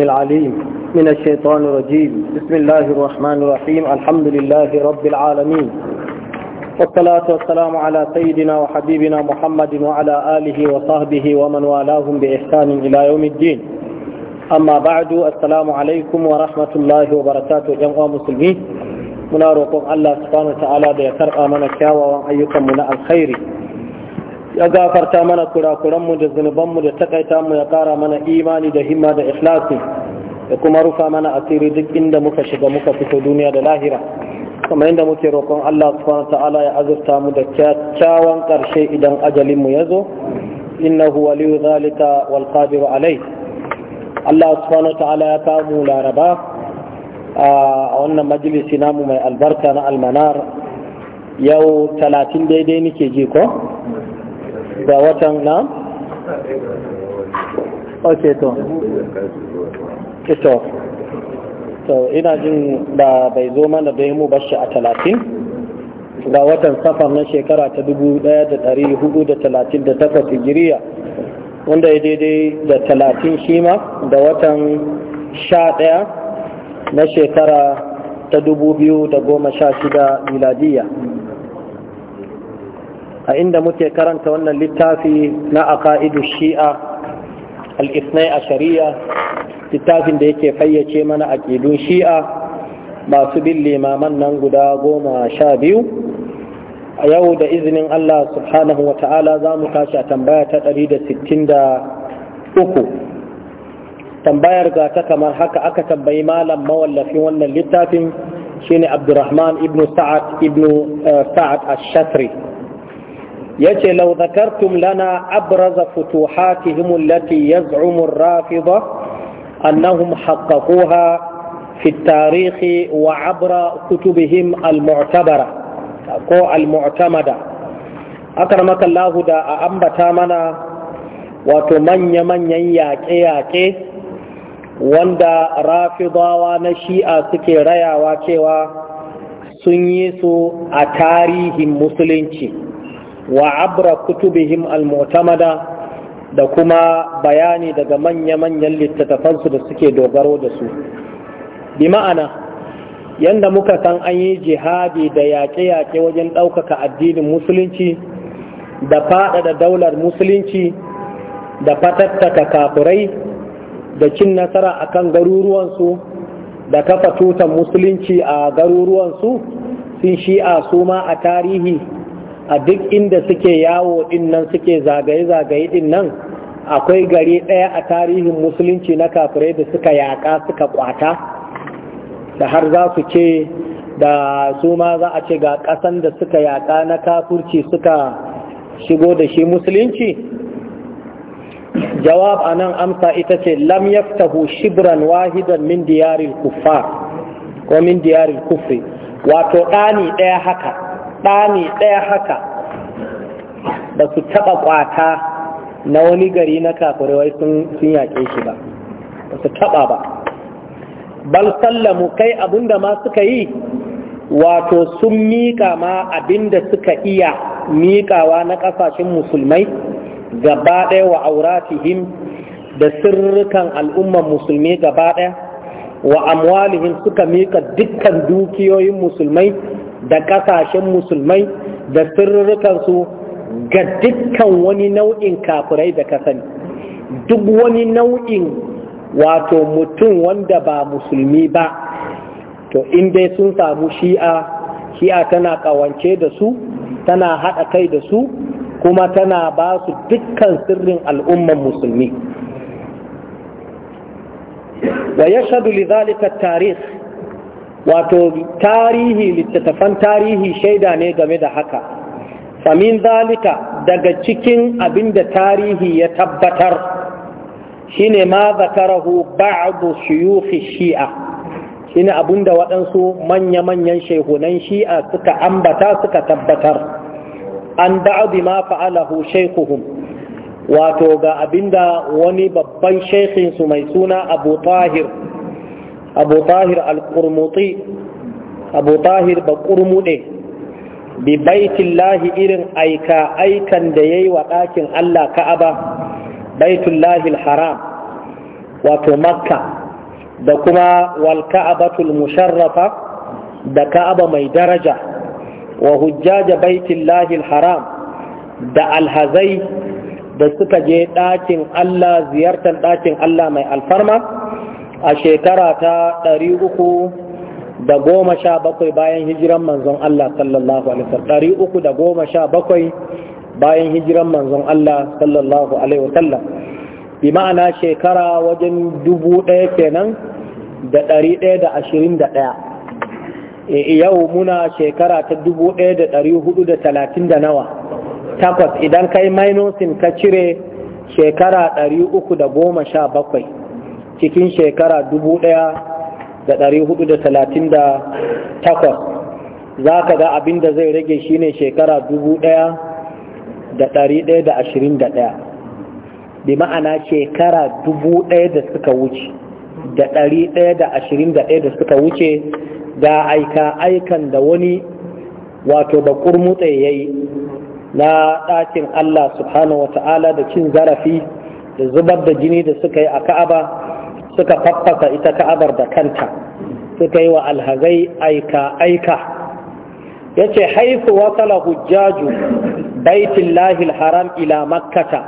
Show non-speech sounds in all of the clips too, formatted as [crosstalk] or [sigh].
العليم من الشيطان الرجيم بسم الله الرحمن الرحيم الحمد لله رب العالمين والصلاة والسلام على سيدنا وحبيبنا محمد وعلى آله وصحبه ومن والاهم بإحسان إلى يوم الدين أما بعد السلام عليكم ورحمة الله وبركاته جمع مسلمين muna roƙon الله سبحانه وتعالى ta'ala da ya karɓa mana ya gafarta mana kurakuranmu da zunubanmu da takaita mu ya kara mana imani da himma da ikhlasi da kuma rufa mana asiri duk inda muka shiga muka fito duniya da lahira kuma inda muke roƙon Allah subhanahu ta'ala ya azurta mu da kyakkyawan ƙarshe idan ajalin mu yazo innahu waliyu zalika wal qadiru alai Allah subhanahu ta'ala ya kamu laraba a wannan majalisi namu mai albarka na almanar yau talatin daidai nake ji ko Da watan na? ok to ito to ina jin da bai zo mana bai mu bashi a talatin da watan safar na shekara ta dubu da da dari hudu da talatin da takwas hijiriya wanda ya daidai da talatin shima da watan sha ɗaya na shekara ta dubu biyu da goma sha shida miladiya a inda muke karanta wannan littafi na aka'idu shi'a al-isnai a shari'a littafin da yake fayyace mana aƙidun shi'a masu bin limaman nan guda goma sha biyu a yau da izinin Allah subhanahu wa ta'ala za mu tashi a tambaya ta ɗari da da tambayar ga ta kamar haka aka tambayi malam mawallafin wannan littafin shine Abdurrahman ibn Sa'ad ibn eh, Sa'ad ash-Shatri yace law zakartum lana abraza futuhatihim allati yaz'umu ar-rafida annahum haqqaquha fi wa abra kutubihim al-mu'tabara ko al-mu'tamada Allah da a ambata mana wato manya manyan yaƙe yaƙe wanda rafidawa na shi'a suke rayawa cewa sun yi su a tarihin musulunci wa abra kutubihim al-mu'tamada da kuma bayani daga manya-manyan littattafansu da suke dogaro da su bi ma'ana yadda muka san an yi jihadi da yaƙe-yaƙe wajen ɗaukaka addinin musulunci da faɗaɗa daular musulunci da fatattaka kafurai, da cin nasara a kan garuruwansu da kafa tutan musulunci a garuruwansu sun shi'a su ma a tarihi a duk inda suke yawo din nan suke zagaye-zagaye din nan akwai gari ɗaya a tarihin musulunci na kafirai da suka yaƙa suka kwata da har za su ce da su ma za a ce ga ƙasan da suka yaƙa na kafurci suka shigo da shi musulunci jawab a nan amsa ita ce lam yaftahu shibran wahidan min diyarin kufa ko min diyarin kufri wato ɗani ɗaya haka Ɗani ɗaya haka da su taɓa ƙwata na wani gari na kafirai sun yaƙe shi ba ba su taɓa ba bal sallamu kai abinda ma suka yi wato sun miƙa ma abinda suka iya miƙawa na ƙasashen musulmai gaba ɗaya wa auratihim da sirrukan al'umman musulmi gaba ɗaya wa amwalihim suka miƙa dukkan dukiyoyin musulmai da ƙasashen musulmai da sirrukansu ga dukkan wani nau'in kafirai da ka sani duk wani nau'in wato mutum wanda ba musulmi ba to in dai sun samu shi'a shi'a tana ƙawance da su tana haɗa kai da su kuma tana ba su dukkan sirrin al'umman musulmi wa yashadu li dhalika tarikh wato tarihi littattafan tarihi shaida ne game da haka famin zalika daga cikin abinda tarihi ya tabbatar shine ma zakarahu ba'du shuyukhi shi'a shine abinda waɗansu manya-manyan shehunan shi'a suka ambata suka tabbatar an ba'du ma fa'alahu shaykhuhum wato ga abinda wani babban shaykhin mai suna Abu Tahir abu tahir al-qurmuti abu tahir ba qurmude bi baitillahi irin aika aikan da yayi wa ɗakin Allah ka'aba baitin al-haram wato makka da kuma wal ka'abatul musharrafa da ka'aba mai daraja wa hujjaja baitin al-haram da alhazai da suka je ɗakin Allah ziyartar ɗakin Allah mai alfarma a shekara ta ɗari uku da goma sha bakwai bayan hijiran manzon Allah sallallahu alaihi wasallam ɗari uku da goma sha bakwai bayan hijiran manzon Allah sallallahu alaihi wasallam bi ma'ana shekara wajen dubu ɗaya kenan da ɗari ɗaya da ashirin da ɗaya e, yau muna shekara ta dubu ɗaya da ɗari hudu da talatin da nawa takwas idan kai mainosin ka cire shekara ɗari uku da goma sha bakwai cikin shekara 1438 za ka ga abin da zai rage shine shekara 1121 bi ma'ana shekara 1000 da suka wuce da 121 da suka wuce da aika aikan da wani wato da kurmutse ya yi na ɗakin Allah subhanahu wa ta'ala da cin zarafi da zubar da jini da suka yi a ka'aba suka faffasa ita ka'abar da kanta suka yi wa alhazai aika aika ya ce haifu wasala hujjaju baitin lahil haram ila makkata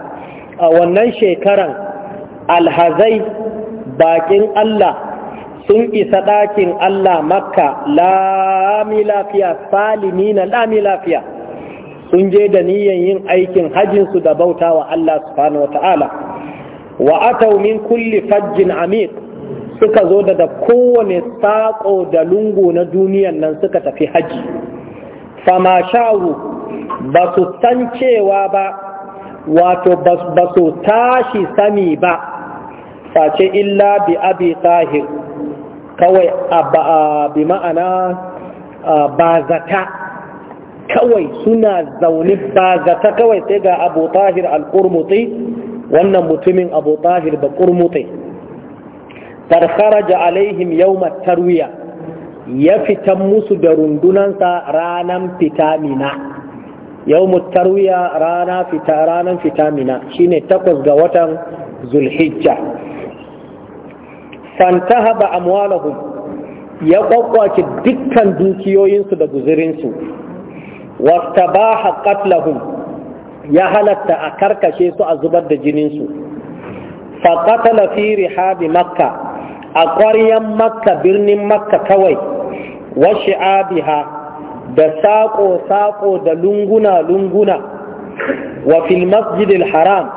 a wannan shekaran alhazai bakin Allah sun isa ɗakin Allah makka lami lafiya salimi na lami lafiya sun je da niyan yin aikin hajjinsu da bauta wa Allah subhanahu wa ta'ala wa atau min kulli fajjin amir suka zo daga kowane saƙo da lungu na duniyan nan suka tafi haji fama sha'u ba su san cewa ba wato ba su tashi sami ba face illa bi abi tahir kawai bi ma'ana ba zata kawai suna zaune ba zata kawai sai ga abu tahir al-kurmuti wannan mutumin abu tahir ba kurmutai farfaraja alaihim yau tarwiya ya fitan musu da rundunansa ranan fitamina yau tarwiya rana ranan fitamina shine takwas ga watan zulhijja fantahaba amwalahum ya kwakwace dukkan dukiyoyinsu da guzurinsu haƙƙat lahun ya halatta a karkashe su a zubar da jininsu faƙatala fi rihabi makka a ƙwaryan makka birnin makka kawai washe shi'abiha da saƙo-saƙo da lunguna-lunguna wa fil masjidil haram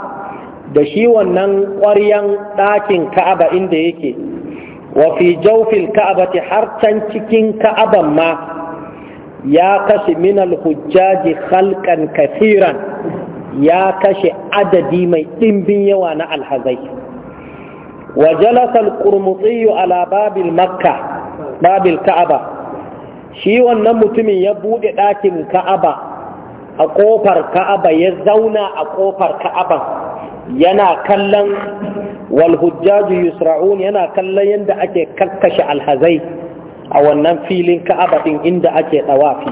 da shi wannan ƙwaryan ɗakin ka'aba inda yake wa fi jaufil ka'abati har can cikin ka'aban ma ya kashe minal hujjaji halkan kafiran ya kashe adadi mai ɗimbin yawa na alhazai wa jalasa al ala babil makka babil ka'aba shi wannan mutumin ya buɗe ɗakin ka'aba a ƙofar ka'aba ya zauna a ƙofar ka'aban yana kallon walhujjaju yusra'un yana kallon yadda ake kakkashe alhazai a wannan filin ka'aba ɗin inda ake ɗawafi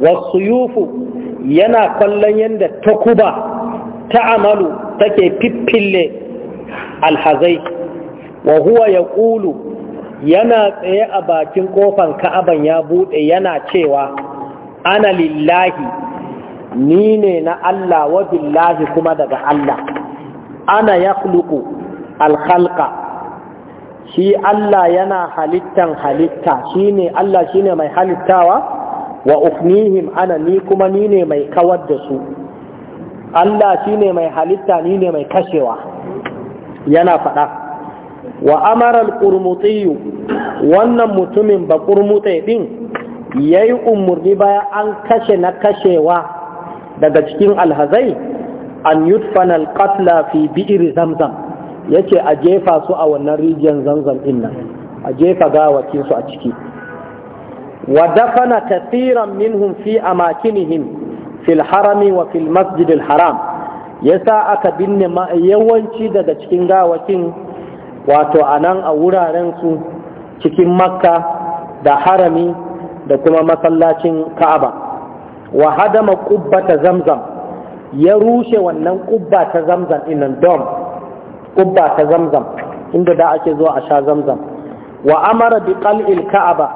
wasu yufu yana kwallon yadda takuba ta amalu take fiffille alhazai wa huwa ya ƙulu yana tsaye a bakin ƙofan ka'aban ya buɗe yana cewa ana lillahi ni ne na Allah wa billahi kuma daga Allah ana ya alhalka shi Allah yana halittan halitta shi ne Allah shi ne mai halittawa wa ufnihim ana ni kuma ni ne mai kawar da su Allah shi ne mai halitta ni ne mai kashewa yana faɗa wa amaral ƙurmutiyu wannan mutumin ba ƙurmutai din, yayi yi umarni bayan an kashe na kashewa daga cikin alhazai an yudfana al-qatla fi bi'ir zamzam yace a jefa su a wannan rijiyar zamzam din nan a jefa gawakinsu a ciki ودفن كثيرا منهم في أماكنهم في الحرم وفي المسجد الحرام يسا أكبن ما يوانشي دا تشكينغا وكين واتو أنان أورا رنسو تشكين مكة دا حرمي دا كما مسلاتين كعبة وهدم قبة زمزم يروش ونن قبة زمزم إن الدوم قبة زمزم إن دا أكي زوا أشا زمزم وأمر بقلع الكعبة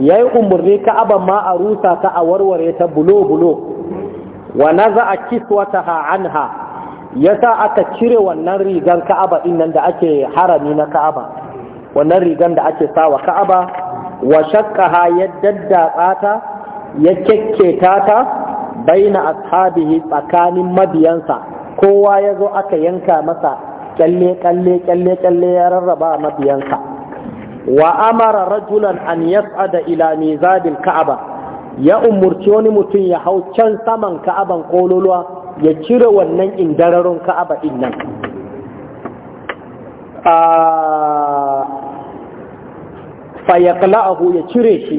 ya yi umarni ka'aban ma a rusa ta a warware ta bulo-bulo wa na za a kiswata ha ya sa aka cire wannan rigar ka'aba ɗin nan da ake harami na ka'aba wannan rigar da ake sawa ka'aba wa shakka ha ya daddatsa ta ya kyakketa ta baina ashabihi tsakanin mabiyansa kowa ya zo aka yanka masa kyalle kyalle kyalle ya rarraba mabiyansa wa amara rajulan an yas'ada ila mizabil ka'aba ya umurci wani mutum ya hau can saman ka'aban kololuwa ya cire wannan indararon ka'aba din nan ah, fa yaqla'ahu ya cire shi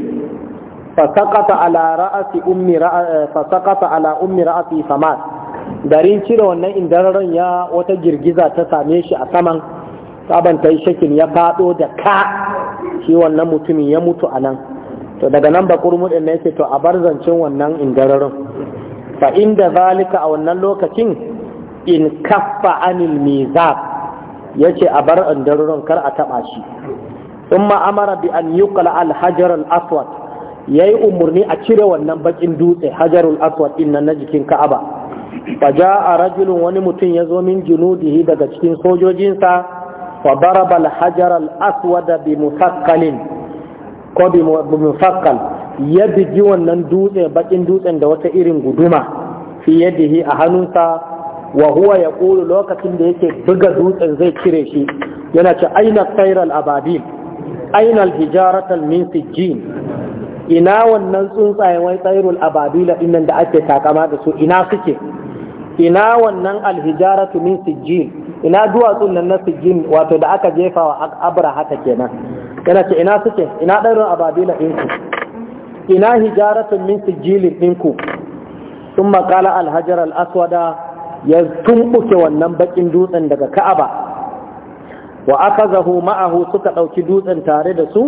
fa saqata ala ra'asi ummi fa saqata ala ummi ra'asi samat darin cire wannan indararon ya wata girgiza ta same shi a saman saban ta yi shakin ya fado da ka shi wannan mutumin ya mutu a nan to daga nan ba kurmu ne ne to a bar zancen wannan ingararin fa inda zalika a wannan lokacin in kaffa anil mizab yace a bar ingararin kar a taba shi umma amara bi an yuqla al hajar al aswad yayi umurni a cire wannan bakin dutse hajarul aswad inna najikin na jikin ka'aba fa jaa rajulun wani mutum yazo min junudihi daga cikin sojojinsa فضرب الحجر الأسود بمثقل ko بمثقل ya bigi wannan dutse baƙin dutsen da wata irin guduma fi yadihi a hannunsa wa ya ƙulu lokacin da yake buga dutsen zai cire shi yana ce aina tsairal ababil aina hijaratal min sijjin ina wannan tsuntsayen wai tsairul ababila dinnan da ake takama da su ina suke ina wannan alhijaratu min sijjin ina duwatsun nan na sijin wato da aka jefa wa abra haka kenan yana ce ina suke ina ɗarin ababila ɗinku ina hijaratun min sijilin ɗinku sun makala alhajar al'aswada ya tumɓuke wannan baƙin dutsen daga ka'aba wa aka zahu ma'ahu suka ɗauki dutsen tare da su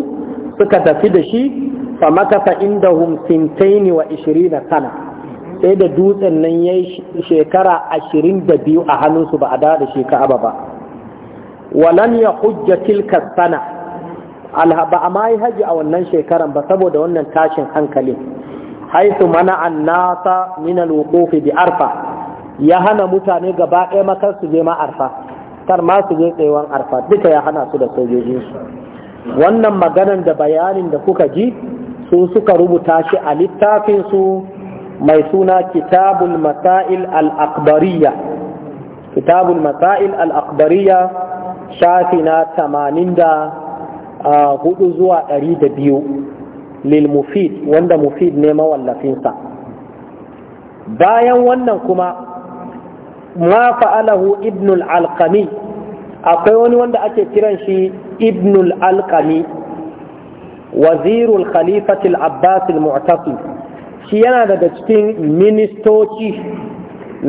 suka tafi da shi fa makasa indahum sintaini wa ishirina sana sai da dutsen nan ya yi shekara ashirin da biyu a hannunsu ba a dawo da shi ka'aba ba walan ya hujja tilka sana ba a ma yi haji a wannan shekaran ba saboda wannan tashin hankali haisu mana an nasa min alwuqufi bi arfa ya hana mutane gaba ɗaya makar su je ma kar ma su je tsayewan arfa duka ya hana su da sojojinsu wannan maganan da bayanin da kuka ji su suka rubuta shi a littafinsu mai suna kitabul masail al shafina kitabul masail al shafi na hudu zuwa ɗari da biyu lil mufid wanda mufid ne mawallafinsa bayan wannan kuma ma fa'alahu ibnul alqami akwai wani wanda ake kiran shi ibnul alqami wazirul khalifatil abbas al shi yana daga cikin ministoci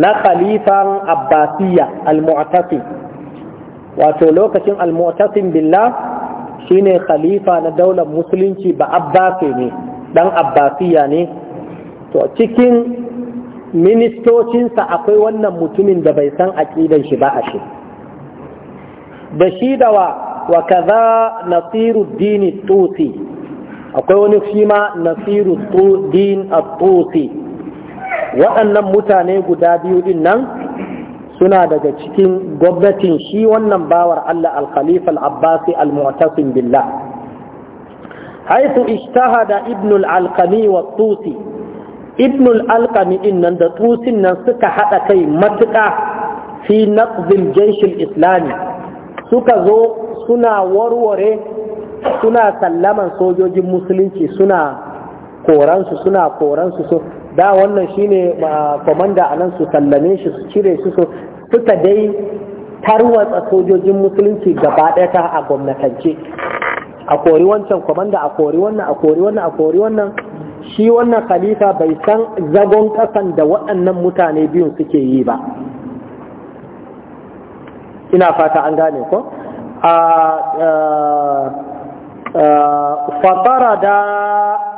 na khalifan abbasiya al-mu'tasim wato lokacin al-mu'tasim billah shine khalifa na daular musulunci ba abbasi ne dan abbasiya ne to cikin ministocinsa akwai wannan mutumin da bai san aqidan shi ba a shi da shi da wa wa Nasiru Dini tusi akwai wani shi ma nasiru din a waɗannan mutane guda biyu din nan suna daga cikin gwamnatin shi wannan bawar Allah al-Khalifa al-Abbasi al-Mu'tasim billah haitu ijtahada ibn al-Alqami wa tusi ibn al-Alqami din nan da tusin nan suka hada kai matuka fi naqdil jaysh al-islami suka zo suna warware suna sallaman sojojin musulunci suna koransu suna koransu su da wannan shine komanda a nan su sallame shi su cire su su suka dai tarwatsa sojojin musulunci gaba ɗaya ta a gwamnatance a kori wancan komanda a kori wannan a kori wannan a kori wannan shi wannan khalifa bai san zagon kasan da waɗannan mutane biyun suke yi ba ina fata an gane ko a fatara da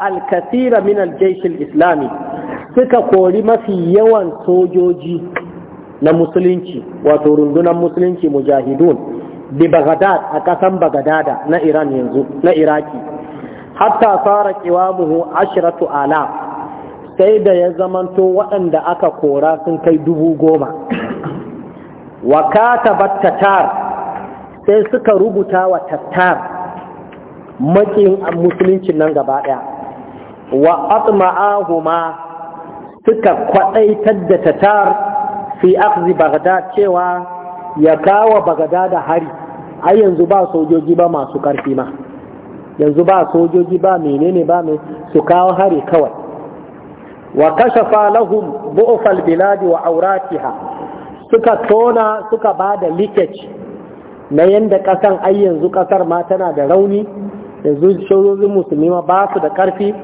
alkasira min aljaishil islami suka kori mafi yawan sojoji na musulunci wato rundunar musulunci mujahidun bi bagadad a kasan bagadada na iran yanzu na iraki hatta fara kiwamuhu ashiratu ala sai da ya zamanto waɗanda aka kora sun kai dubu goma wa katabat tatar sai suka rubuta wa tattar makin musulunci nan gaba ɗaya wa atma'ahuma suka kwaɗaitar da tatar fi akzi bagada cewa ya kawo bagada da hari ai yanzu ba sojoji ba masu ƙarfi ma yanzu ba sojoji ba menene ba mai su kawo hari kawai wa kashafa lahum bu'fal biladi wa auratiha suka tona suka ba da leakage na yanda ƙasan ai yanzu ƙasar ma tana da rauni yanzu shawarorin musulmi ma ba su da ƙarfi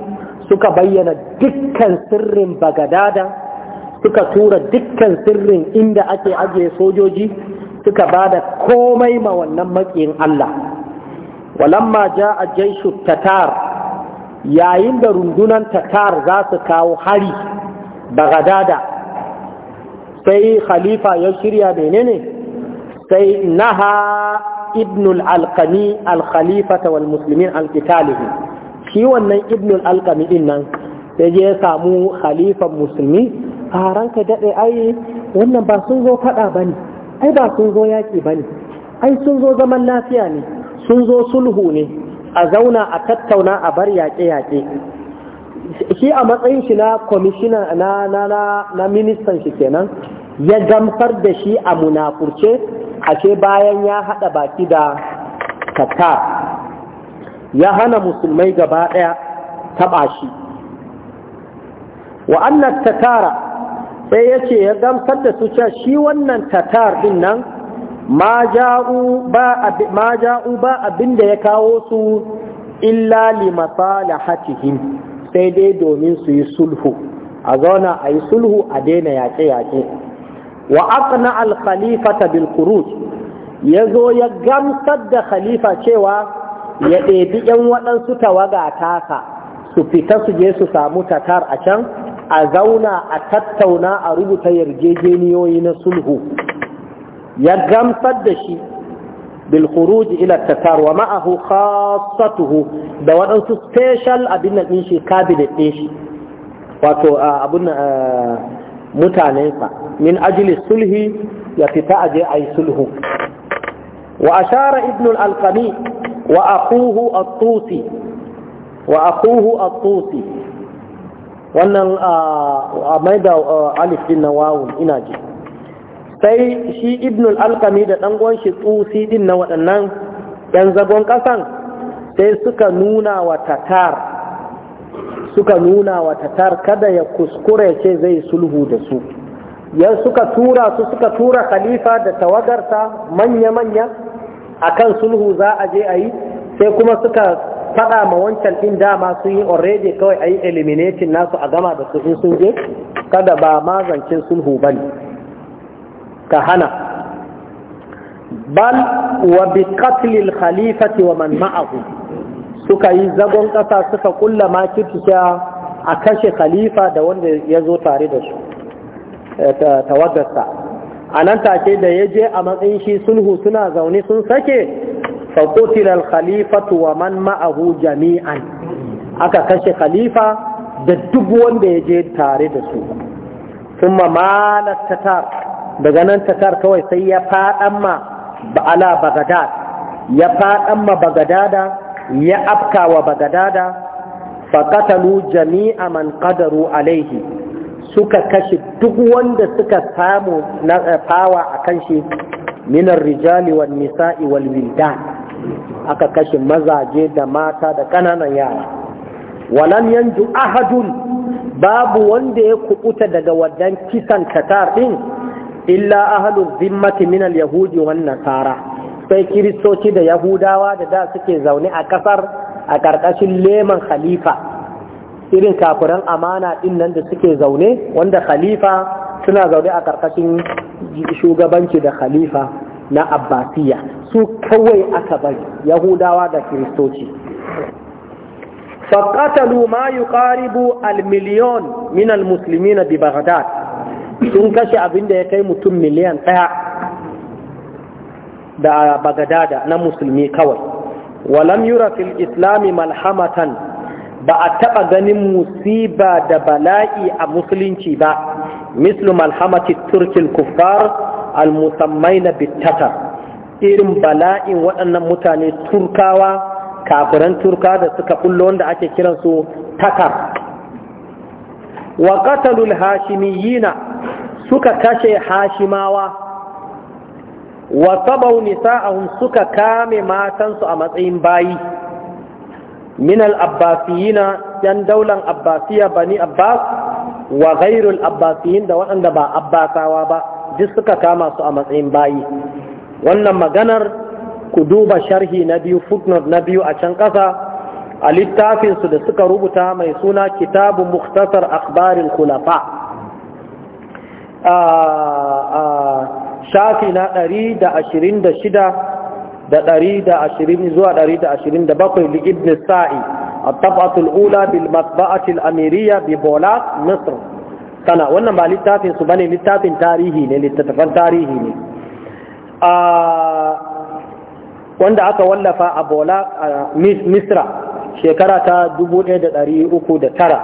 suka bayyana dukkan sirrin bagadada suka tura dukkan sirrin inda ake ajiye sojoji suka ba da komai ma wannan makiyin Allah walamma ja a jaishu tatar yayin da rundunan tatar za su kawo hari bagadada sai khalifa ya shirya menene sai naha ibn al-alqami al-khalifata wal muslimin al shi wannan ibn al-alqami din je ya samu khalifan musulmi a ranka dade ai wannan ba sun zo fada bane ai ba sun zo yaki bane ai sun zo zaman lafiya ne sun zo sulhu ne a zauna a tattauna a bar yaƙe-yaƙe shi a matsayin shi na kwamishina na na ministan shi kenan ya gamsar da shi a munafurce ake bayan ya haɗa baki da kata ya hana musulmai gaba ɗaya taɓa shi wa'annan tatara sai yace ya gamsar da su cewa shi wannan tatar din nan ma ja'u ba abin da ya kawo su illa li matsalahatihim sai dai domin su yi sulhu a zauna a yi sulhu a daina yaƙe-yaƙe wa aqna al khalifata bil khuruj yazo ya gamsar da khalifa cewa ya ɗebi ƴan waɗansu tawaga taka su fita su je su samu tatar a can a zauna a tattauna a rubuta yarjejeniyoyi na sulhu ya gamsar da shi ila tatar wa ma'ahu khassatuhu da waɗansu special abin nan shi cabinet din shi wato mutanensa min ajili sulhi ya fita aje ai sulhu wa ashara ibn al-alqami wa akuhu at-tusi wa akuhu at-tusi wannan a mai da alif din na wawu ina ji sai shi ibn al-alqami da dan shi tusi din na waɗannan yan zagon ƙasan sai suka nuna wa tatar suka nuna wa tatar kada ya kuskure ce zai sulhu da su yan suka tura su suka tura khalifa da tawagarta manya-manya akan sulhu za a je a yi sai kuma suka faɗa ma wancan ɗin dama sun yi already kawai a yi eliminating nasu a gama da su in sun je kada ba mazancin sulhu ba ne ka hana bal wa bi khalifati wa man ma'ahu suka yi zagon ƙasa suka kulla makirci a kashe khalifa da wanda ya zo tare da su eh, tawagarsa a nan take da ya je a matsayin shi sulhu suna zaune sun sake faƙotil khalifatu wa man ma'ahu jami'an aka kashe khalifa da duk wanda ya je tare da su kuma malar tatar daga nan tatar kawai sai ya faɗan ma ala bagadad ya faɗan ma bagadada ya afka wa bagadada faƙatalu jami'a man ƙadaru alaihi suka kashe duk wanda suka samu na fawa eh, a kan shi minar rijali wal nisa'i wal aka kashe mazaje da mata da ƙananan yara walan yanzu ahadun babu wanda ya kubuta daga wadan kisan katar din illa ahalul zimmati minal yahudi wan nasara sai kiristoci da yahudawa da da suke zaune a kasar a ƙarƙashin leman khalifa irin kafiran amana ɗin nan da suke zaune wanda khalifa suna zaune a ƙarƙashin shugabanci da khalifa na abbasiya su kawai aka bari yahudawa da kiristoci faƙatalu ma yi ƙaribu almiliyon minal musulmi na bi sun kashe abin da ya kai mutum miliyan ɗaya da bagadada na musulmi kawai walam yura fil islami malhamatan ba a taɓa ganin musiba da bala'i a musulunci ba mislu malhamati turkil kuffar almusammai na bittatar irin bala'in waɗannan mutane turkawa kafiran turka da suka kullo wanda ake kiransu takar wa qatalul hashimiyina suka kashe hashimawa wa sabau nisa'ahum suka kame matansu a matsayin bayi min al-abbasiyina yan daulan abbasiya bani abbas wa ghairul abbasiyin da waɗanda ba abbasawa ba duk suka kama su a matsayin bayi wannan maganar ku duba sharhi na biyu footnote na biyu a can ƙasa a littafinsu da suka rubuta mai suna kitabu muktasar akhbarin kulafa ah, ah, shafi na ɗari da ashirin da shida da ɗari da ashirin zuwa ɗari da ashirin da bakwai li ibn sa'i a tafatul ula bil matba'atil amiriya bi bola misr sana wannan ba littafin su bane littafin tarihi ne littattafan tarihi ne wanda aka wallafa a bola misra shekara ta dubu ɗaya da ɗari uku da tara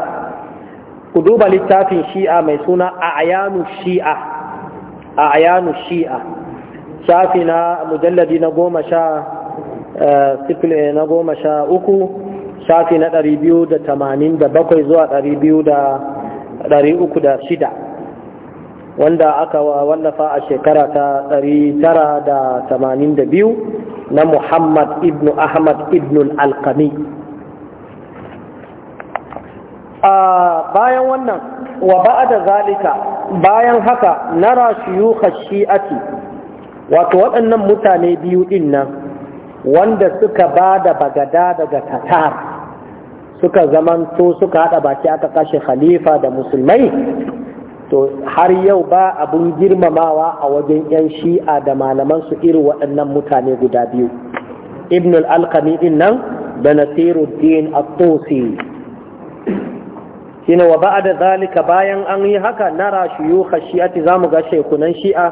ku duba littafin shi'a mai suna a ayanu shi'a a ayanu shi'a shafi na mujalladi na goma sha sifili na goma sha uku shafi na ɗari biyu da tamanin da bakwai zuwa ɗari biyu da ɗari uku da shida wanda aka wallafa a shekara ta ɗari tara da tamanin da biyu na muhammad ibnu ahmad ibn al-alkami bayan wannan wa ba'da zalika bayan haka nara shuyukh shi'ati wato waɗannan mutane biyu din nan wanda suka ba da bagada daga tatar suka zamanto suka haɗa baki aka kashe khalifa da musulmai to har yau ba abun girmamawa a wajen 'yan shi'a da malaman su irin waɗannan mutane guda biyu ibn al-alqami din nan da at-tusi shine wa ba'da zalika bayan an yi haka nara shuyukha shi'ati zamu ga shekunan shi'a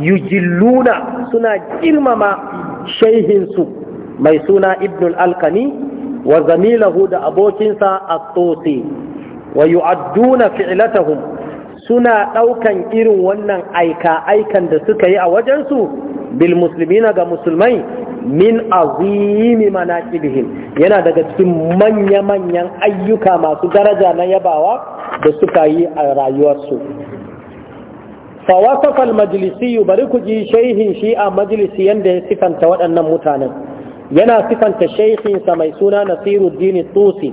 yujilluna suna girmama shaihinsu mai suna ibn al alkani wa zamilahu da abokinsa at-tusi wa yu'adduna fi'latahum suna daukan irin wannan aika aikan da suka yi a wajensu bil muslimina ga musulmai min azimi manaqibihim yana daga cikin manya-manyan ayyuka masu daraja na yabawa da suka yi a rayuwarsu fa Majlisiyu, bari ku ji shehin shi a majlisi yadda ya sifanta waɗannan mutanen yana sifanta shehin mai suna Nasiruddin Tusi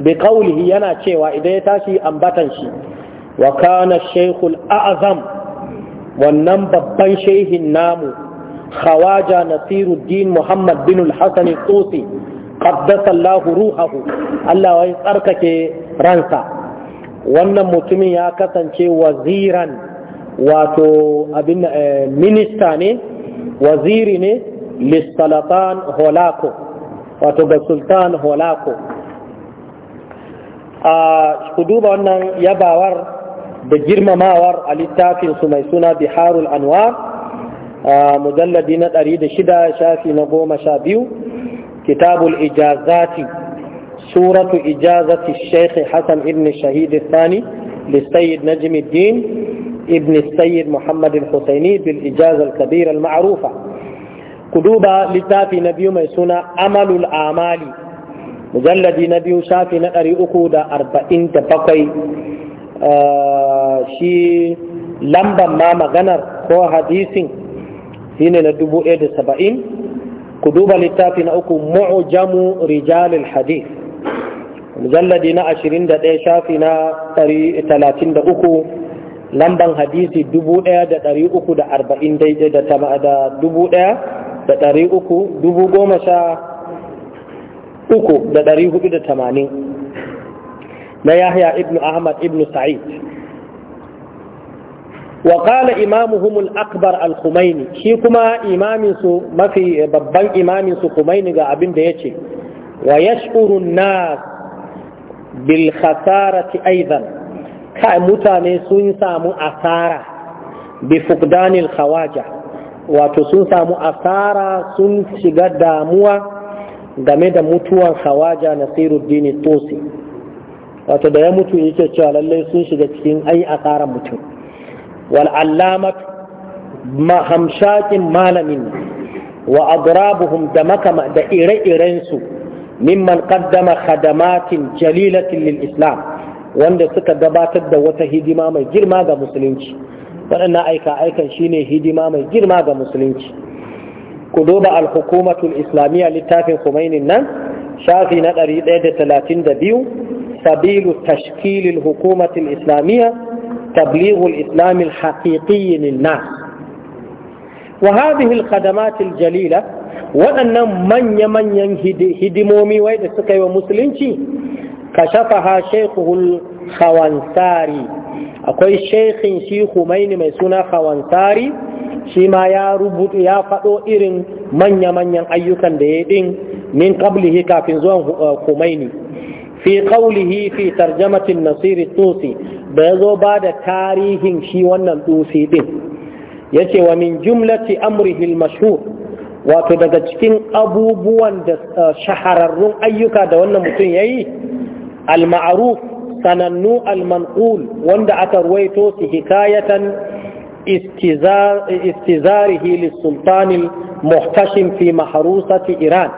bi qawlihi yana cewa idan ya tashi ambatan shi wa kana shaykhul a'zam wannan babban shehin namu خواجة نصير الدين محمد بن الحسن الطوسي قدس الله روحه الله ويسأركك رنسا wannan mutumin ya kasance waziran wato minista ne waziri ne lissalatan holako wato ga sultan holako a ku duba wannan yabawar da girmamawar a littafinsu mai suna biharul anwar a mujalladi na 106 shafi na 12 kitabul ijazati suratu ijazati sheikh hasan ibn shahid thani li sayyid najm al-din ibn sayyid bil ijaza al-kabira al-ma'rufa kuduba litafi na biyu mai suna amalul amali mujalladi na biyu shafi na 347 Uh, shi lamban ma maganar ko hadisin shine na dubu ɗaya da saba'in ku duba littafi na uku mu'jamu rijalil hadith mujalladi na ashirin da ɗaya shafi na talatin da uku lamban hadisi dubu ɗaya da ɗari uku da arba'in daidai da dubu ɗaya da ɗari uku dubu goma sha uku da ɗari hudu da tamanin na yahya ibnu ahmad ibnu sa'id wa qala imamuhum al-akbar al-khumaini shi kuma imamin su mafi babban imamin su khumaini ga abin da yace wa yash'uru an-nas bil khasarati aidan kai mutane sun samu asara bi fuqdanil khawaja wato sun samu asara sun shiga damuwa game da mutuwan khawaja nasiruddin tusi wato da ya mutu yake cewa lallai sun shiga cikin ai asaran mutum wal allamat hamshakin malamin wa adrabuhum da makama da ire-irensu mimman qaddama khadamatin jalilatin lil islam wanda suka gabatar da wata hidima mai girma ga musulunci waɗannan aika aikan shine hidima mai girma ga musulunci ku duba al-hukumatul islamiyya littafin kumainin nan shafi na 132 sabilu tashkilil hukumatul islamiyya تبليغ الإسلام الحقيقي للناس وهذه الخدمات الجليلة وأن من يمن هدمومي ويد سكي ومسلمتي كشفها شيخه الخوانساري akwai sheikhin shi Humaini mai suna Khawansari shi ma ya rubutu ya faɗo irin manya-manyan ayyukan da ya yi ɗin min kablihi kafin zuwan Humaini. fi qawlihi fi tarjamati nasiri tusi da yazo ba da tarihin shi wannan tusi din yace wa min jumlati amrihi al-mashhur wato daga cikin abubuwan da uh, shahararrun ayyuka da wannan mutum yayi al-ma'ruf sanannu al-manqul wanda aka ruwaito su hikayatan istizarihi lis-sultan al-muhtashim fi mahrusati iran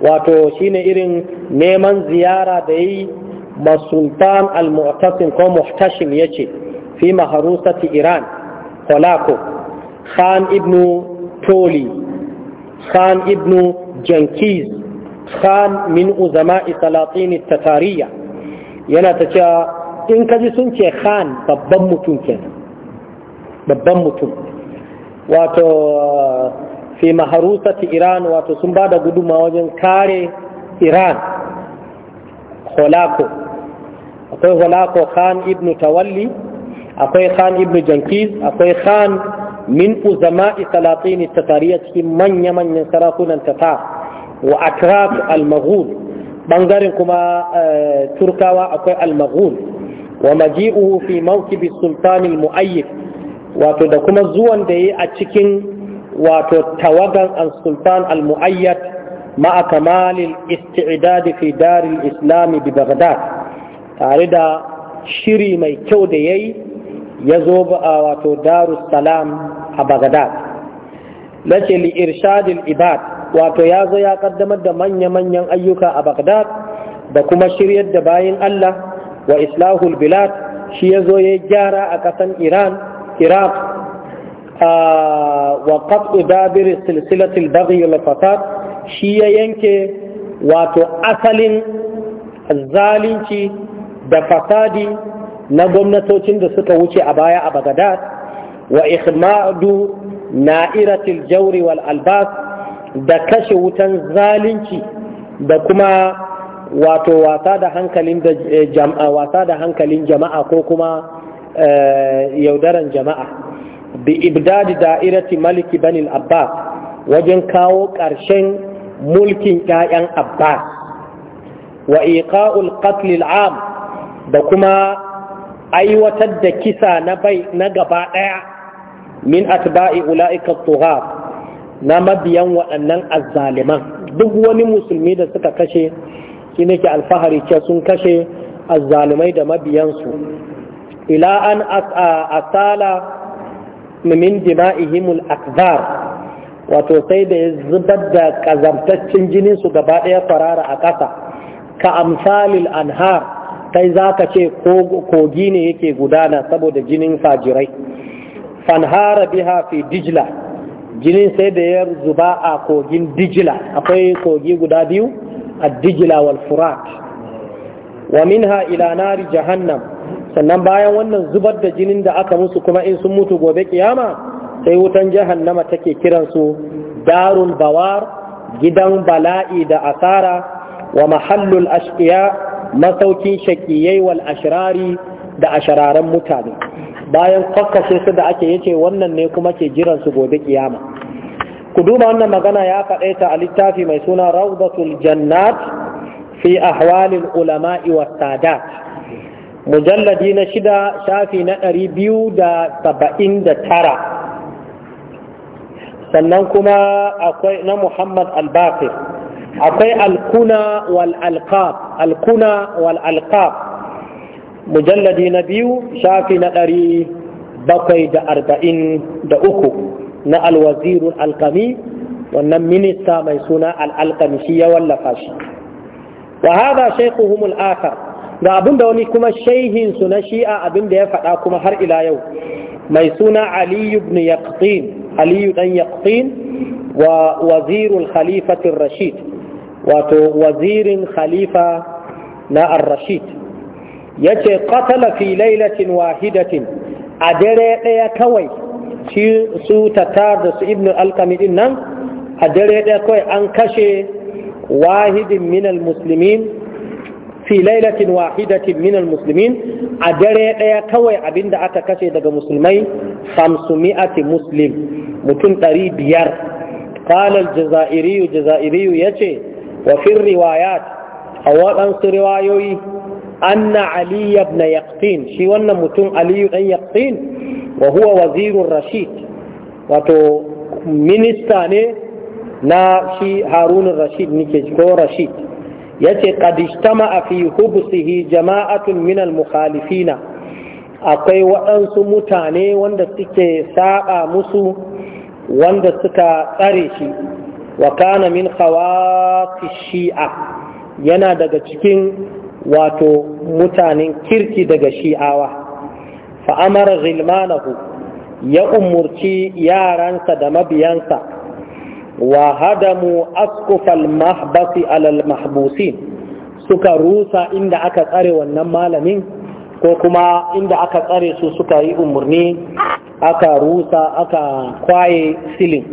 wato shine irin neman ziyara da yi masultan al-mu'tasim ko muhtashim yace fi maharusati iran kolako khan ibnu toli khan ibnu jankiz khan min uzama'i salatin tatariya yana ta cewa in kaji sun ce khan babban mutum kenan babban mutum wato fi maharusati iran wato sun ba da guduma wajen kare iran holako akwai holako khan ibn tawalli akwai khan ibn jankiz akwai khan min uzama'i salatin tatariya cikin manya-manyan sarakunan tatar wa atraf al-maghul bangaren kuma turkawa akwai al-maghul wa maji'uhu fi mawkibi sultanil mu'ayyid wato da kuma zuwan da yi a cikin wato tawagan al-sultan al-mu'ayyad ma'a kamalil isti'dadi fi darin islami bi baghdad tare da shiri mai kyau da yayi ya zo wato darus salam a baghdad lace li irshadil ibad wato ya zo ya kaddamar da manya-manyan ayyuka a baghdad da kuma shiryar da bayan allah wa islahul bilad shi ya zo ya gyara a ƙasan iran iraq wa qat'u dabir silsilatil baghy wal fasad shi ya yanke wato asalin zalunci da fasadi na gwamnatocin da suka wuce a baya a Baghdad wa ikhmadu na'iratil jawri wal albas da kashe wutan zalunci da kuma wato wasa da hankalin da jama'a wasa da hankalin jama'a ko kuma yaudaran jama'a bi ibdadi da'irati maliki banin abbas wajen kawo ƙarshen mulkin ƴaƴan abbas wa iqa'ul qatl am da kuma aiwatar da kisa na bai na gaba ɗaya min atba'i ula'ika tuhar na mabiyan waɗannan azzaliman duk wani musulmi da suka kashe shi ke alfahari ce sun kashe azzalumai da mabiyansu ila an asala min al akbar wato sai da ya zubar da kazamtaccen jinin su gaba ɗaya farara a ƙasa ka amsalil anhar kai zaka ce kogi ne yake gudana saboda jinin fajirai fanhara biha fi dijla jinin sai da ya zuba a kogin dijla akwai kogi guda biyu a dijla wal furat wa minha ila nari jahannam sannan bayan wannan zubar da jinin da aka musu kuma in sun mutu gobe kiyama sai wutan jahannama take kiransu darul bawar gidan bala'i da asara wa mahallul ashqiya masaukin shaqiyai wal ashrari da ashararan mutane bayan kwakkashe su da ake yace wannan ne kuma ke jiran su gobe kiyama ku duba wannan magana ya faɗe ta a littafi mai suna rawdatul jannat fi ahwalil ulama'i was sadat mujalladi na shida shafi na ɗari biyu da saba'in da tara sannan kuma akwai na muhammad albafir akwai alkuna wal alqab alkuna wal alqab mujalladi na biyu shafi na ɗari bakwai da arba'in da uku na alwazirul alkami wannan minista mai suna al'alkami shi ya wallafa shi wa hada shaikuhumul akar ga abin da wani kuma shaihinsu na shi'a abin da ya faɗa kuma har ila yau mai suna aliyu ibn yaqtin aliyu dan yaqtin wa wazirul khalifatin rashid wato wazirin khalifa na ar-rashid yace qatala fi laylatin wahidatin a dare ɗaya kawai su tatar da su ibn alkami din nan a dare ɗaya kawai an kashe wahidin minal muslimin fi lailatin wahidatin min almuslimin a dare ɗaya kawai abinda aka kashe daga musulmai mi'ati muslim mutum ɗari biyar qala aljazairiyyu jazairiyyu yace wa fi riwayat a waɗansu riwayoyi anna ali ibn yaqtin shi wannan mutum Aliyu dan yaqtin wahuwa huwa rashid wato minista ne na shi harun rashid nike ko rashid Ya ce qad ijtama'a fi hubsihi jama'atun minal mukhalifina akwai waɗansu mutane wanda suke saɓa musu wanda suka tsare shi wa kana min shi'a yana daga cikin wato mutanen kirki daga shi'awa fa zilmanahu ya umurci yaransa da mabiyansa wa hadamu askufal mahbasi alal mahbusin suka rusa inda aka tsare wannan malamin ko kuma inda aka tsare su suka yi umarni aka rusa aka kwaye silin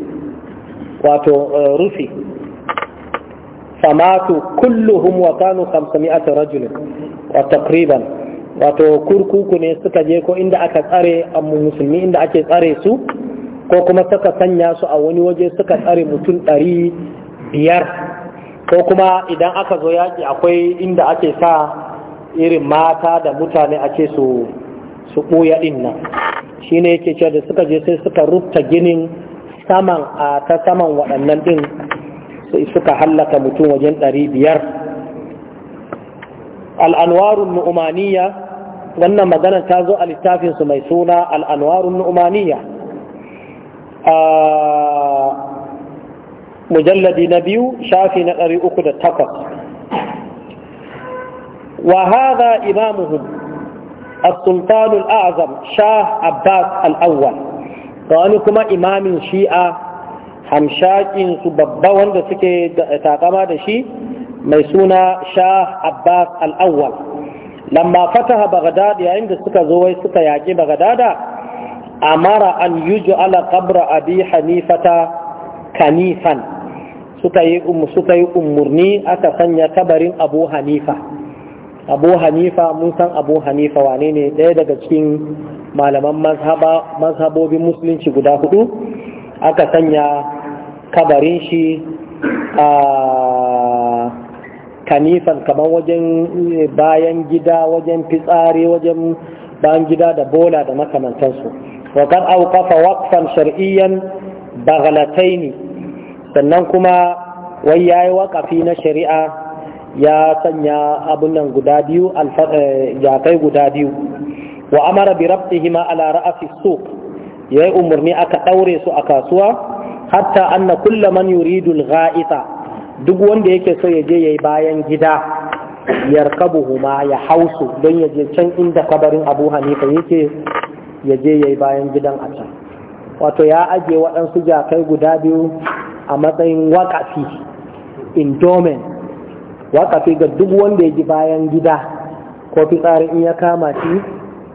wato rufi famatu kulluhum wa kanu 500 rajulin wa takriban wato kurkuku ne suka je ko inda aka tsare musulmi inda ake tsare su ko kuma suka sanya su a wani waje suka tsare mutum ɗari biyar ko kuma idan aka zo yaƙi akwai inda ake sa irin mata da mutane ake su su ɓuya ɗin nan shi ne yake cewa da suka je sai suka rufta ginin saman a ta saman waɗannan ɗin sai suka hallaka mutum wajen ɗari biyar al'anwarun nu'umaniya wannan magana ta zo a littafinsu mai suna al'anwarun nu'umaniya mujalladi na biyu shafi na ɗari uku da takwas wa a azam السلطان الأعظم شاه عباس الأول wani kuma imamin shi'a hamshakin babba wanda suke takama da shi mai suna shah abbas al'awwal lamma fataha baghdad yayin da suka zo wai suka yaƙi baghdada amara an yuju ala kabra abi hanifata kanifan suka yi suka yi umurni aka sanya kabarin abu hanifa abu hanifa mun san abu hanifa wane ne ɗaya daga cikin malaman mazhabobin musulunci guda hudu aka sanya kabarin shi a kanifan kamar wajen bayan gida wajen fitsari wajen bayan gida da bola da makamantansu wa kan auqafa waqfan shar'iyyan baghlataini sannan kuma wai yayi waqafi na shari'a ya sanya abun nan guda biyu eh, kai guda biyu wa amara bi rabtihima ala ra'si suq yayi umurni aka daure su a kasuwa hatta anna kullu man yuridu al-gha'ita duk wanda yake so ya je yayi bayan gida ma ya hausu don yaje can inda kabarin abu hanifa yake yaje je ya yi bayan gidan a can wato ya ajiye waɗansu jakai guda biyu a matsayin wakafi indomen wakafi ga duk wanda ya ji bayan gida ko fitsarin in ya kama shi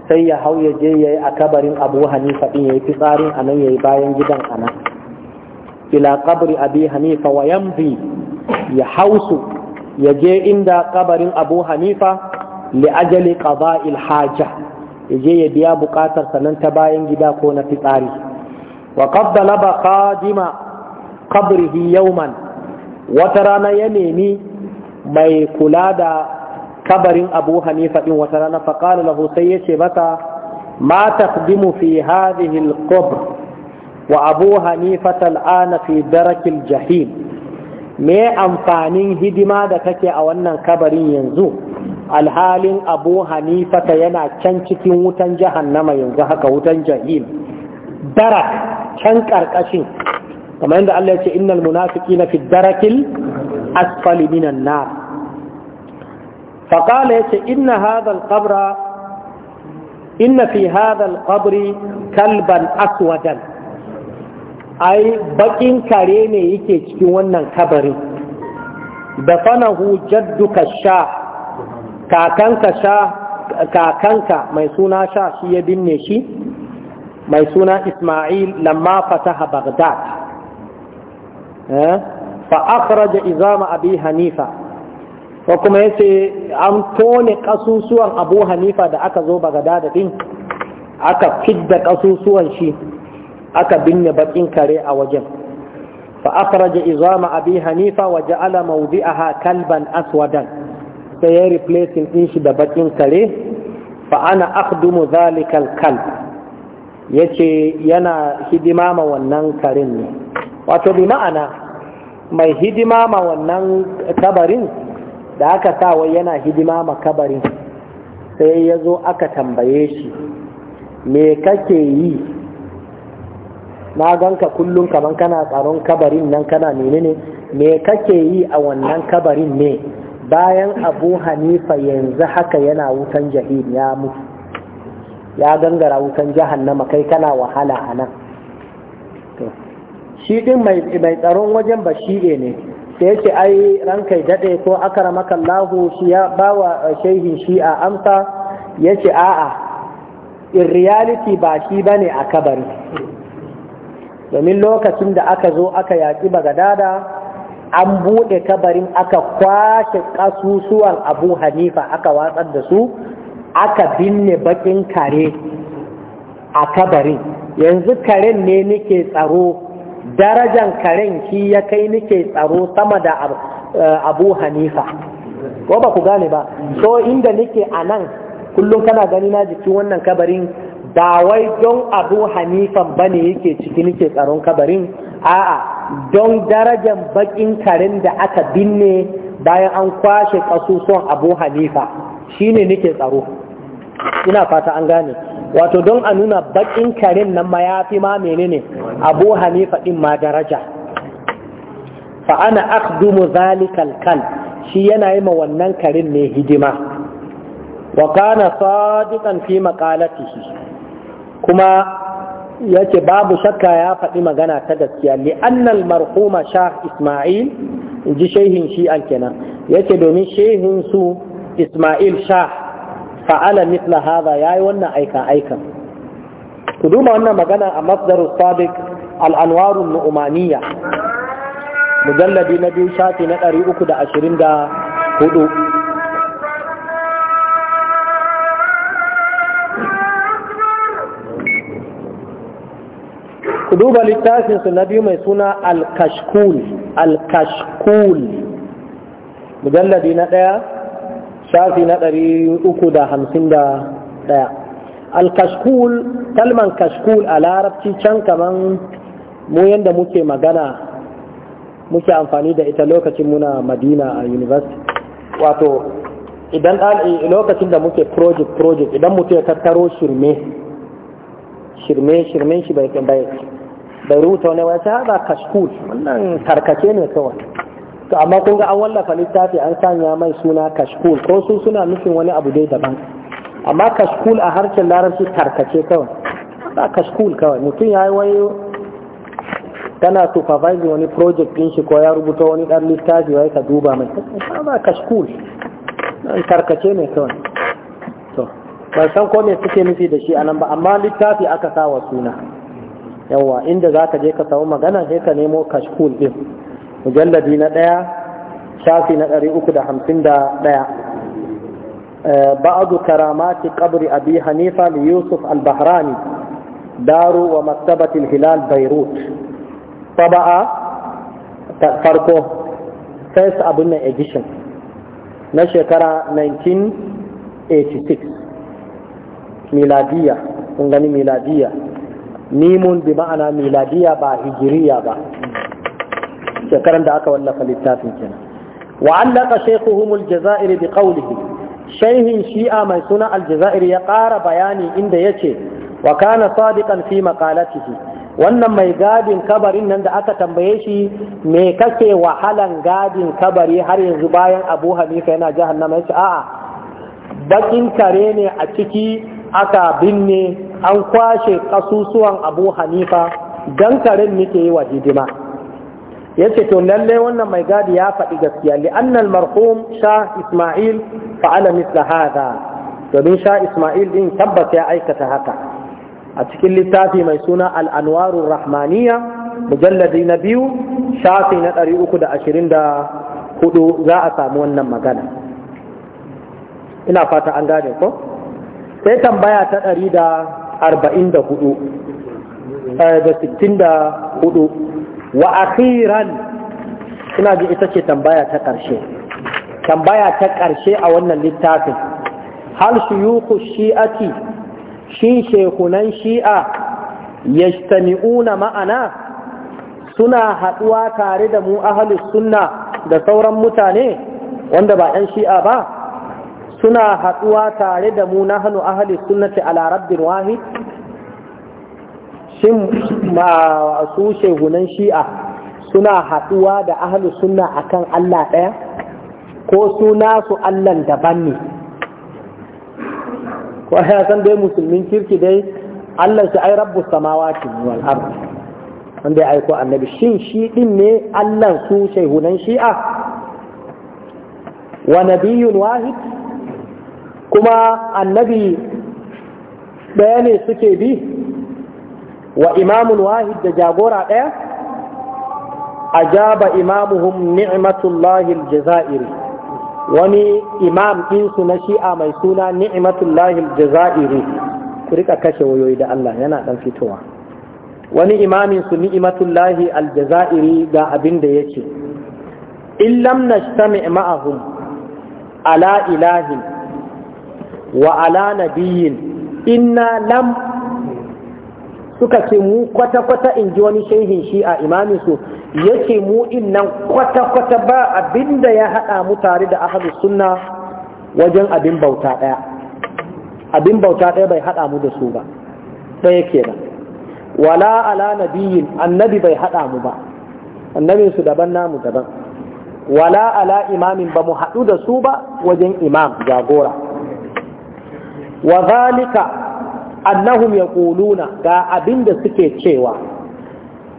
sai ya hau ya je ya yi a kabarin abu hanifa ɗin ya yi fitsarin a nan ya yi bayan gidan a nan ila kabri abi hanifa wa yamfi ya hausu ya je inda kabarin abu hanifa li'ajali qada'il haja ya je ya biya bukatar sanan ta bayan gida ko na fitsari wa qaddala ba qadima qabrihi yawman wata rana ya nemi mai kula da kabarin abu hanifa din wata rana faqala lahu sai yace mata ma taqdimu fi hadhihi al-qabr wa abu hanifa al-ana fi darakil jahim me amfanin hidima da kake a wannan kabarin yanzu alhalin abu hanifata yana can cikin wutan jahannama yanzu haka wutan jahil darak can karkashin kamar yadda Allah ya ce innal munafiqina fi darakil asfali minan nar faqala yace inna hadha al-qabra inna fi hadha al-qabri kalban aswadan ai bakin kare ne yake cikin wannan kabarin da fanahu jadduka sha kakanka sha kakanka mai suna sha shi ya binne shi mai suna isma'il lamma fataha baghdad eh? fa akhraja izama abi hanifa ko kuma yace an tone kasusuwan abu hanifa da aka zo baghdad din aka fidda kasusuwan shi aka binne baƙin kare a wajen fa akhraja izama abi hanifa wa ja'ala mawdi'aha kalban aswadan sai ya replacing din shi da baƙin kare fa ana akhdumu dhalika al yace yana hidima ma wannan karen ne wato bi ma'ana mai hidima ma wannan kabarin da aka sa wai yana hidima ma kabarin sai ya zo aka tambaye shi me kake yi na ganka kullum kaman kana tsaron kabarin nan kana ne. me kake yi a wannan kabarin ne bayan abu hanifa yanzu haka yana wutan jahil ya mutu ya gangara wutan jahannama kai kana wahala a nan shi din mai tsaron wajen ba shi ne sai ce ai kai daɗe ko akaramaka lahu shi ya bawa eh, shehin a amsa yace a'a in reality ba shi ba ne a kabari domin lokacin da aka zo aka yaƙi bagadada an buɗe kabarin aka kwashe ƙasusuwan abu hanifa aka watsar da su aka binne bakin kare a kabarin yanzu karen ne nike tsaro darajan karen shi ya kai nike tsaro sama da eh, abu hanifa ko ba ku gane ba so inda nike a nan kullum kana gani na jikin wannan kabarin ba wai don abu hanifan ba ne yake ciki nike tsaron kabarin a'a don darajar bakin karin da aka binne bayan an kwashe kasusuwan abu hanifa shine nike tsaro ina fata an gane wato don a nuna bakin karin nan ma ya fi ma menene abu hanifa din ma daraja fa ana akhdumu zalikal kal shi yana yi ma wannan karin ne hidima wa kana sadiqan fi maqalatihi kuma yake babu shakka ya faɗi magana ta gaskiya li annal marhuma shah isma'il ji shehin shi an kenan yake domin shehin su isma'il shah fa'ala mithla hadha yayi wannan aika aika ku duba wannan magana a masdar sadiq al anwar al nu'maniyya mujalladi na biyu shafi na 324 ku duba su na biyu mai suna alkashkul alkashkul mujalladi na ɗaya shafi na ɗari uku da hamsin da ɗaya alkashkul kalman kashkul a larabci can kaman mu yadda muke magana muke amfani da ita lokacin muna madina a university wato idan lokacin da muke project project idan mutum ya tattaro shirme shirme shirmen shi bai bai bai rubuta wani wani sahaba kashkul wannan tarkace ne kawai to amma kun ga an wallafa littafi an sanya mai suna kashkul ko su suna nufin wani abu dai daban amma kashkul a harshen larabci tarkace kawai ba kashkul kawai mutum ya yi wani tana supervising wani project din shi ko ya rubuta wani dan littafi wai ka duba mai ba kashkul tarkace ne kawai ban san ko me suke nufi da shi anan ba amma littafi aka sa wa suna yawa inda za ka je ka samu magana sai ka nemo kashkul din mujalladi na ɗaya shafi na ɗari uku da hamsin da ɗaya eh, ba'adu karamati qabri abi hanifa li yusuf al-bahrani daru wa maktabati hilal beirut taba'a farko first abin edition na shekara 1986 miladiya kun gani miladiya mimun bi ma'ana miladiya ba hijiriya ba shekaran da aka wallafa littafin kenan wa allaka shaykhuhum al bi qawlihi shayhin shi'a mai suna al ya ƙara bayani inda yace wa kana sadiqan fi maqalatihi wannan mai gadin kabarin nan da aka tambaye shi me kake wahalan gadin kabari har yanzu bayan Abu Hanifa yana jahannama yace a'a bakin kare ne a ciki aka binne an kwashe kasusuwan abu hanifa dan karen muke yi wa hidima ya ce to lalle wannan mai gadi ya faɗi gaskiya li'annal marhum sha isma'il fa'ala misla hada domin sha isma'il din tabbata ya aikata haka a cikin littafi mai suna al'anwarun rahmaniya mujalladi na biyu shafi na ɗari uku da ashirin da hudu za a samu wannan magana ina fata an gane ko sai tambaya ta ɗari da arba'in da hudu eh, da sittin da hudu wa akhiran ina ji ita ce tambaya ta ƙarshe tambaya ta ƙarshe a wannan littafin hal shuyukhu shi'ati shi shekunan shi'a yajtami'una ma'ana suna haɗuwa tare da mu ahlus sunna da sauran mutane wanda ba 'yan shi'a ba suna haɗuwa tare da mu na hannu ahali sunnati ala rabbin wahid shin ma su shehunan shi'a suna haɗuwa da ahli sunna akan Allah ɗaya ko su nasu Allahn daban ne ko ya san dai musulmin kirki dai Allah shi ai rabbu samawati wal ard wanda ya aiko annabi shin shi din ne Allah su shehunan shi'a wa nabiyyun wahid kuma annabi ɗaya ne suke bi wa imamun wahid da jagora ɗaya jaba imamuhum ni'matullahi jazairi wani imam ɗinsu na shi'a mai suna ni'matullahi jazairi ku rika kashe wayoyi da Allah yana ɗan fitowa wani imamin su ni'matullahi aljazairi ga abin da yake in lam nashtami ma'ahum ala ilahin wa ala nabiyin inna lam suka ce mu kwata-kwata in ji wani shehin shi a imaminsu, ya ce mu innan kwata-kwata ba abinda ya haɗa mu tare da ahadu sunna wajen abin bauta ɗaya abin bauta ɗaya bai haɗa mu da su ba ɗaya ke ba. wala ala nabiyin annabi bai haɗa mu ba annabin su daban namu daban wala ala imamin ba mu haɗu da su ba wajen imam jagora wa zalika annahum yaquluna ga abinda suke cewa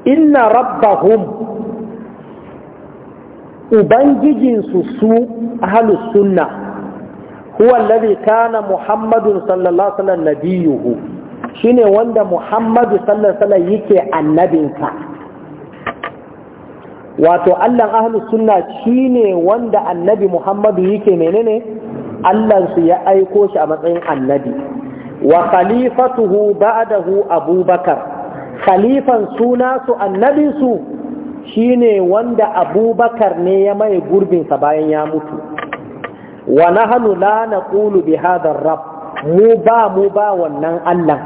inna rabbahum ubangijinsu su ahlus sunna huwa alladhi kana muhammadun sallallahu alaihi wasallam nabiyuhu shine wanda muhammadu sallallahu alaihi wasallam yake annabinsa wato allan ahlus sunna shine wanda annabi Muhammadu yake menene Allahnsu ya aiko shi a matsayin annabi wa khalifatuhu ba'dahu abubakar khalifan sunasu su annabinsu shine wanda abubakar ne ya mai gurbinsa bayan ya mutu wa nahnu la naqulu bi hadha rabb mu ba mu ba wannan Allah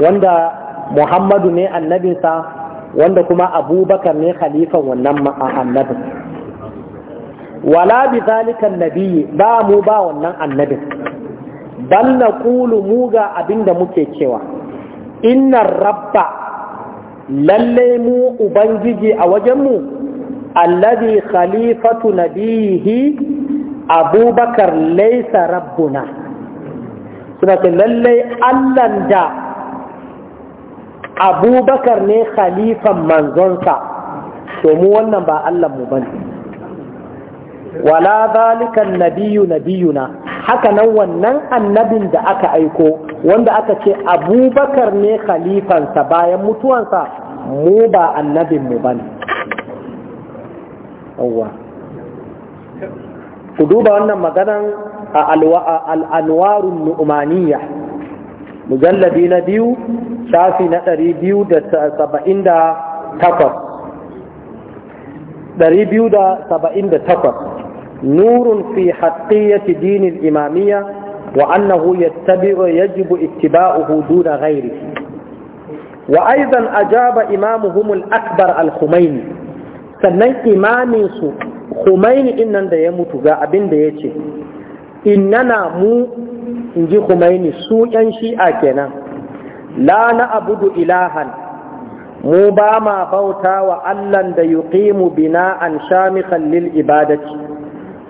wanda Muhammadu ne annabinsa wanda kuma abubakar ne khalifan wannan annabin wala bi zalikan nabiyyi ba mu ba wannan annabin bal Kulu mu ga abinda muke cewa Inna rabba lalle mu ubangiji a wajen mu, allazi khalifatu nabiyhi abubakar laysa rabbuna suna ce lalle allan da abubakar ne khalifan manzonsa to mu wannan ba allah mu bane wala zalika nabiyu nabiyuna haka nan wannan annabin da aka aiko wanda aka ce abubakar ne khalifansa bayan mutuwansa mu ba annabin mu bane yawwa ku duba wannan maganan a al'anwarun nu'umaniya mujallabi na biyu shafi na 278 نور في حقية دين الإمامية وأنه يتبع يجب اتباعه دون غيره وأيضا أجاب إمامهم الأكبر الخميني سنن إمام خميني إنن دا يموت أبن دا يتي إننا مو إنجي خميني سوء شيئا كنا لا نعبد إلها mu ba ma bauta wa Allahn da yuqimu bina'an shamikhan lil ibadati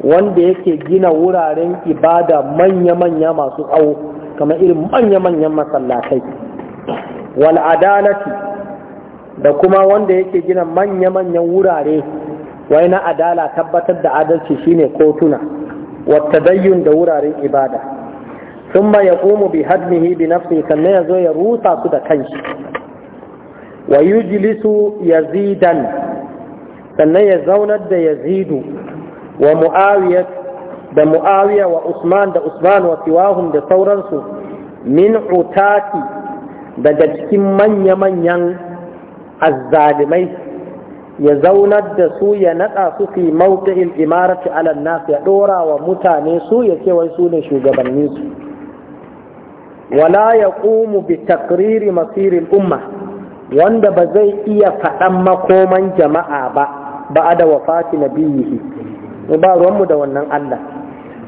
wanda yake gina wuraren ibada manya-manya masu tsawo kamar irin manya-manyan masallatai wal adalati da kuma wanda yake gina manya-manyan wurare wai na adala tabbatar da adalci shine kotuna wata dayyun da wuraren ibada sun ya komu bi hadmihi bi nafsi sannan ya zo ya rusa su da kanshi wa yujlisu yazidan sannan ya zaunar da yazidu wa da mu'awiya wa usman da usman wa siwahum da sauransu min utati daga cikin manya-manyan azzalimai ya zaunar da su ya naɗa su fi mawqi'il imarati ala nas ya ɗora wa mutane su ya ce wai su ne shugabannin su wala yaqumu bi takriri masiril umma wanda ba zai iya faɗan makoman jama'a ba ba'ada wafati nabiyhi ba ruwanmu da wannan Allah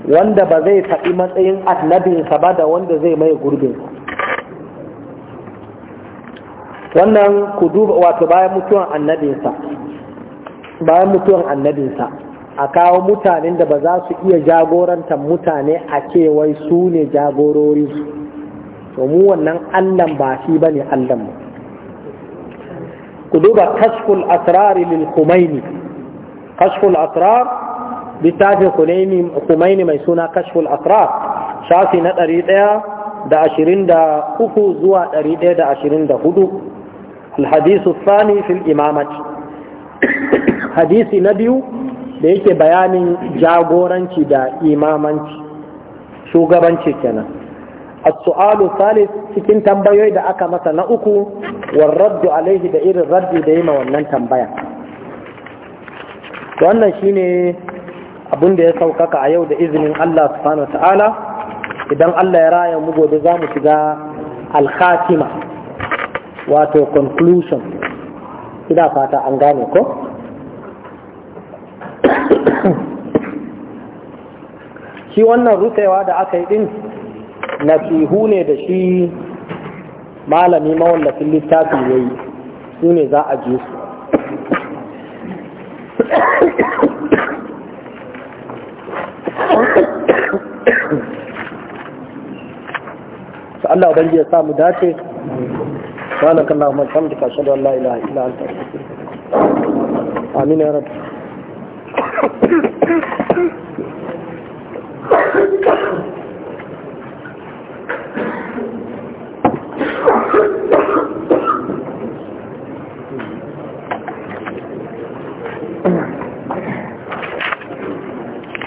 wanda ba zai faɗi matsayin annabinsa ba da wanda zai mai gurbin wannan ku duba wato bayan mutuwan annabinsa bayan mutuwan annabinsa a kawo mutanen da ba za su iya jagoranta mutane a cewai su ne jagorori to mu wannan allan ba shi ba ne allanmu ku duba kashful asrari lil kumaini kashful asrar littafin kumaini mai suna kashful asrar shafi na ɗari ɗaya da ashirin da uku zuwa ɗari ɗaya da ashirin da hudu alhadisu sani fil imamaci [coughs] hadisi na biyu da yake bayanin jagoranci da imamanci shugabanci kenan السؤال salis cikin tambayoyi da aka masa na uku warraddu alaihi da irin raddi da yi ma wannan tambaya wannan shine abin da ya saukaka a yau da izinin Allah subhanahu ta'ala idan Allah ya raya mu gobe za mu shiga alkhatima wato conclusion ina fata an gane ko shi wannan rufewa da aka yi din nasihu ne da shi malami mawallafin littafi ya su ne za a je su Allah ubangi ya samu dace سبحانك اللهم وبحمدك اشهد ان لا اله الا انت امين يا رب Thank you.